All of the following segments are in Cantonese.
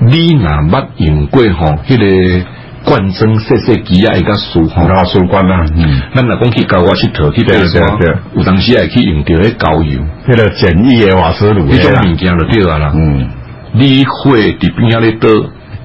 你若捌用過？吼迄個罐裝細細幾啊？而家數，拉數啊，嗯，咱若講去郊外佚佗，記得啦。有當時也去用着郊遊迄個簡易誒瓦斯爐啦。迄種物件著對啊啦。嗯，你花佇邊仔咧倒？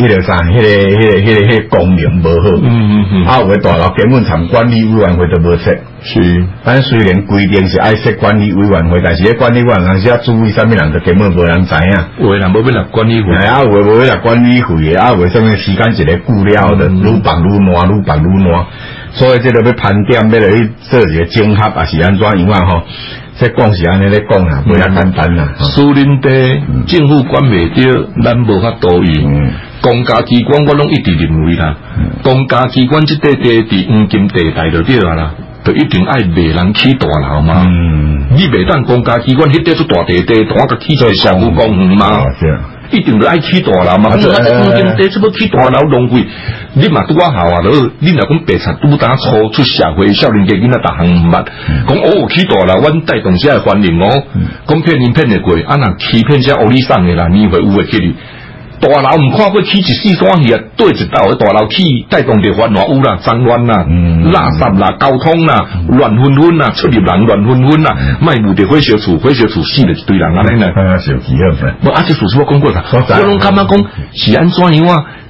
那個迄、那個迄、那個迄、那個功能無好、嗯嗯啊，有誒大佬根本連管理委員會都無設。是，但雖然規定是愛設管理委員會，但係管理委員會是要注意人，咩人都根本無人知影。有人冇要人管理費啊，有誒無要人管理費，啊，有誒什乜時間一個久了著，愈辦愈亂，愈辦愈亂，所以即度要盤點，要嚟做一個整合，啊，是安怎樣外，吼。即講是安尼咧，講啦，唔係簡單啊。私人地政府管唔着咱無法度完。嗯公家機關我攏一直認為啦，公家機關即塊地地黃金地帶就掉啦，就一定愛被人起大樓嘛。嗯、你袂當公家機關，你啲咗大地地同我個起在商務公園嘛是、啊，一定都愛起大樓嘛。咁、啊、黃金地，做乜起大樓浪費？你嘛都玩下下都，你若講白賊拄打錯出社會，少年家，你若逐項毋捌，講我有起大樓，阮帶動事嚟歡迎哦，講、嗯、騙人騙、啊、會過啊若欺騙只奧利桑嘅啦，你會誤會佢。大樓毋看，佮起一四散熱對一道去大樓起，帶動啲渾濁污染、髒亂啦、垃圾啦、交、嗯、通啦、亂紛紛啦，出入人、亂紛紛啦，咪、嗯、有啲火燒厝，火燒厝死了一堆人咁樣咧。我阿叔叔我講過啦，我講剛剛講是安怎樣哇？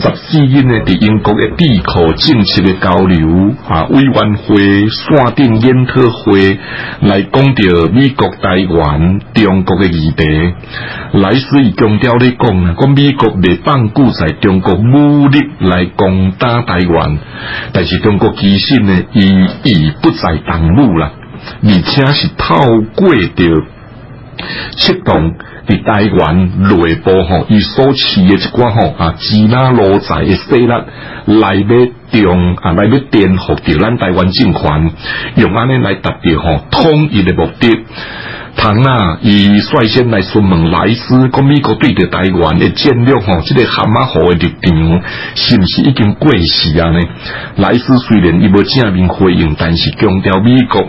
十四年咧，佇英國嘅閉口政策嘅交流啊，委員會、線頂研討會，來講到美國台灣、中國嘅議題，來時強調咧講啊，講美國未放助在中國武力來攻打台灣，但是中國其實呢，已已不再動武啦，而且是透過的。出動啲台灣內部吼，伊所持嘅一寡吼啊，支那羅仔嘅勢力來咩、啊、電啊來咩顛覆調，咱台灣政權，用安尼來達到吼統一嘅目的。唐啊，伊率先來詢問萊斯，講美國對着台灣嘅戰略吼，即、啊這個蛤蟆河嘅立場，是不是已經過時啊呢？萊斯雖然伊冇正面回應，但是強調美國。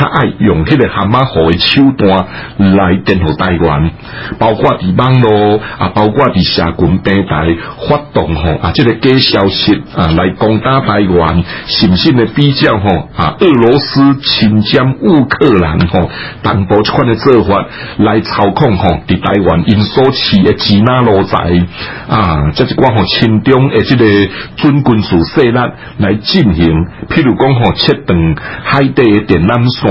他愛用迄個黑馬河嘅手段來顛覆台灣，包括佇網絡啊，包括佇社群平台發動吼啊，即個假消息啊，來攻打台灣，甚至呢比較吼啊，俄羅斯侵佔烏克蘭吼，但用呢款嘅做法來操控吼佇台灣因所持嘅指南路仔，啊，即係我用親中嘅即個準軍事勢力來進行，譬如講，吼切斷海底的電纜線。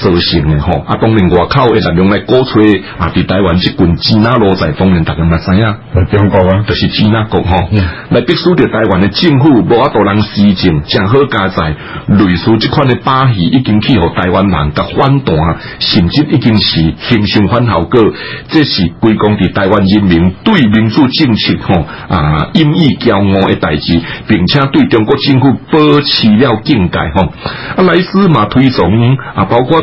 造成嘅吼，啊，當年外口一兩兩嘅鼓吹，啊，佇台灣即群支那路在方面大家唔使啊，中國啊就是支那國嗬，那、嗯、必須對台灣嘅政府冇啊多人施政，正好加在類似即款嘅把戲，已經去和台灣人嘅反彈，甚至已經是形成反效果，這是歸功佇台灣人民對民主政策吼啊，英勇驕傲嘅代志，並且對中國政府保持了境界吼。啊，來斯嘛推崇啊，包括。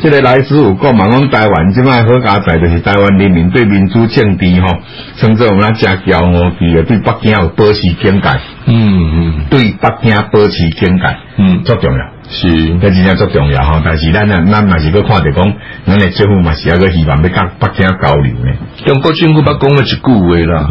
即、這個來自五個，忙講台灣即擺好加載，就是台灣人民對民主政治吼，甚至我們阿家教我哋對北京有保持警戒，嗯嗯，對北京保持警戒，嗯，足重要，是，係真正足重要吼。但是咱啊，咱還是，是要看着講，咱哋政府嘛是一個希望，要教北京交流嘅，中國政府不講過一句話啦。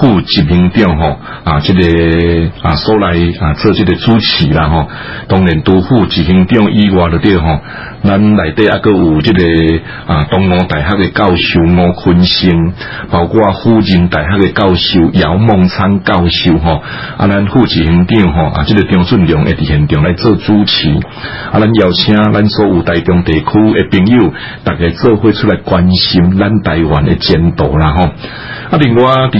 副執行長吼啊，即、這個啊，所來啊，做即個主持啦吼。當然，都副執行長以外的對吼，咱內底啊，擱有即個啊，東吳大學嘅教授吳坤生，包括啊輔仁大學嘅教授姚孟昌教授吼。啊，咱副執行長吼啊，即、這個張俊良會佇現場來做主持。啊，咱邀請咱所有台中地區誒朋友，逐個做伙出來關心咱台灣嘅前途啦吼。啊，另外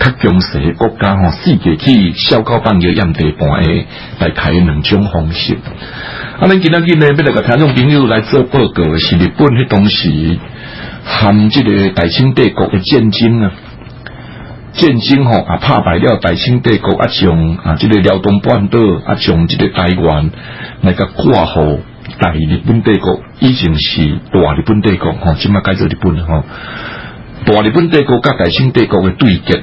較強勢社國家吼，四地區燒烤辦嘅任地盤來開兩種方式。啊，你今仔日咧要來甲聽眾朋友來做報告，是日本迄東時含即個大清帝國嘅戰爭啊，戰爭吼啊，打敗了大清帝國啊，將啊即個遼東半島啊，將即個台灣來甲括號。大日本帝國以前是大日本帝國，吼，即擺改做日本吼、哦，大日本帝國甲大清帝國嘅對決。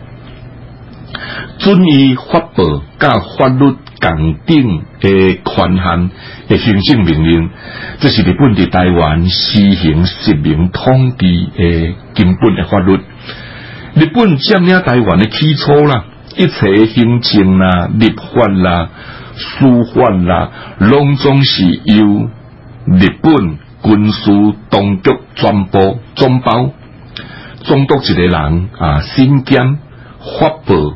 准以發布甲法律界定嘅權限嘅行政命令，這是日本嘅台灣施行殖民統治嘅根本嘅法律。日本占領台灣嘅基礎啦，一切行政啦、啊、立法啦、啊、司法啦，攏總是由日本軍事當局專包、中包、總督一個人啊，先檢發布。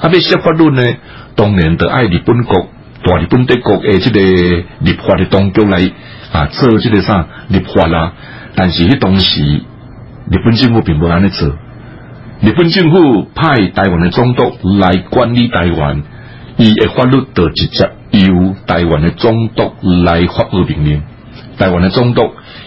阿啲法律呢？當年都愛日本國，大日本帝國誒，即個立法的當局來啊，做即個啥立法啦。但是佢當時日本政府並冇咁樣做，日本政府派台灣的總督來管理台灣，伊嘅法律就直接由台灣的總督來發佈令，台灣的總督。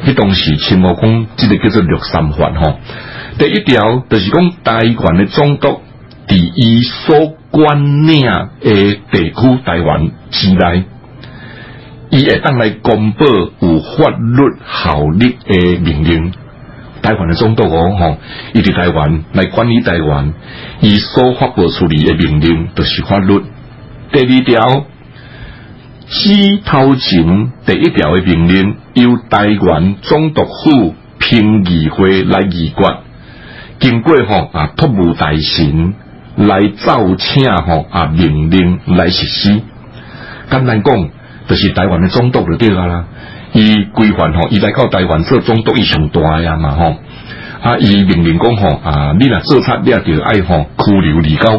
佢當時清我講，即個叫做六三法，嗬。第一條就是講台灣嘅總督第一所管轄嘅地區台灣之內，伊會當來公布有法律效力嘅命令。台灣嘅總督我吼伊啲台灣來管理台灣伊所發布出嚟嘅命令，就是法律。第二條。西頭前第一條嘅命令，由台灣總督府評議會來議決，經過學啊，托務大臣來奏請學啊命令來實施。簡單講，就是台灣嘅總督就對了啦。伊規範嗬，伊嚟到台灣做總督，以上大呀嘛嗬。啊，伊、啊、命令講嗬，啊你若做差，你啊點嗌嗬，拘留而交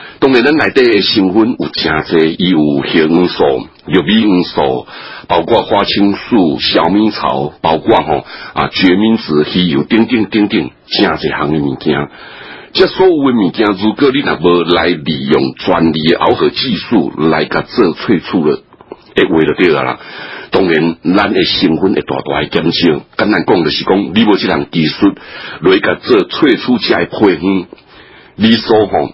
當然，我的這，咱內底成分有正儕，伊有香素、玉米黃素，包括花青素、小米草，包括吼啊決明子，魚油等等等等正儕項嘅物件。即所有嘅物件，如果你若無來利用專利熬合技術來甲做萃取了，會着着對啦。當然，咱嘅成分會大大嘅減少。簡單講，就是講你無即項技術來甲做萃取，加會虧哼。你所講。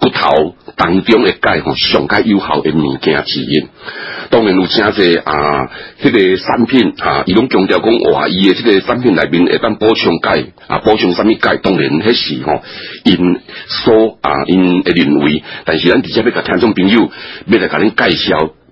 骨頭當中嘅鈣吼，上加有效嘅物件之一，啊那個啊啊。當然有正一啊，呢個產品啊，伊攏強調講哇，伊嘅呢個產品內面會當補充鈣，啊補充什麼鈣，當然係事嗬。因所啊，因嘅認為，但是咱直接要甲聽眾朋友，要來同你介紹。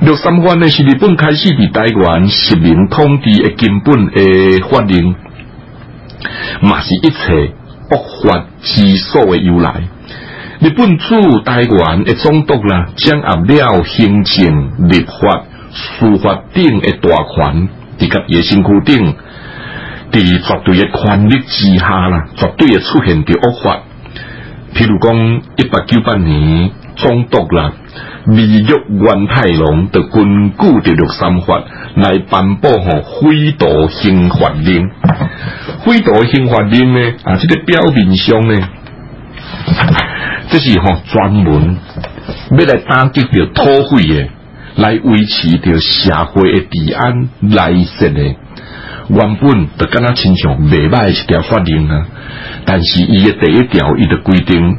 六三關是日本開始的台灣殖民統治嘅根本嘅法令，嘛是一切惡法之首嘅由來。日本駐台灣嘅總督啦，掌握了行政立法司法等嘅大權，以及野心固定，佇絕對嘅權力之下啦，絕對嘅出現啲惡法。譬如講一八九八年。中毒啦，兒玉源太郎就根據條六三法，來頒布吼《匪徒刑法令，匪徒刑法令咧，啊，即、這個表面上咧，即是吼、哦、專門要來打擊條土匪嘅，來維持條社會嘅治安內線嘅。原本就敢若親像未歹一條法令啊，但是伊嘅第一條，伊就規定。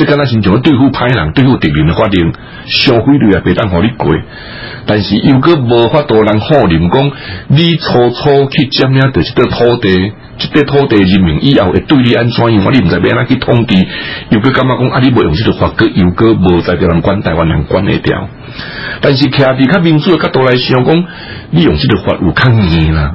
這敢若是用來對付歹人、對付敵人誒法令。令消費率也袂當互你貴。但是又佫無法度人好人講，你初初去佔領着這塊土地，這塊土地人民以後會對你安、啊、你怎樣？你毋知安怎去統治，又佫感覺講？啊。你袂用即個法佫，又佫無才調人管台灣人管得掉。但是倚佇較民主誒角度來想講，說你用即個法有困難啦。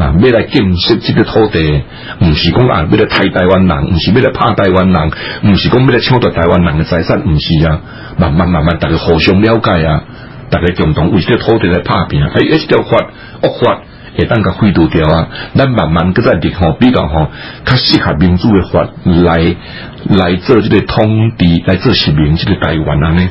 啊，要來建設即個土地，唔是講啊要來殺台灣人，唔是要來拍台灣人，唔是講要來搶奪台灣人嘅財產，唔是啊，慢慢慢慢，大家互相了解啊，大家共同為即個土地來拍拼啊，係一條法惡法，亦當佢廢除掉啊，咱慢慢咁再練好，比較好，較適合民主嘅法來來做呢個統治，來做實名呢個台灣人呢。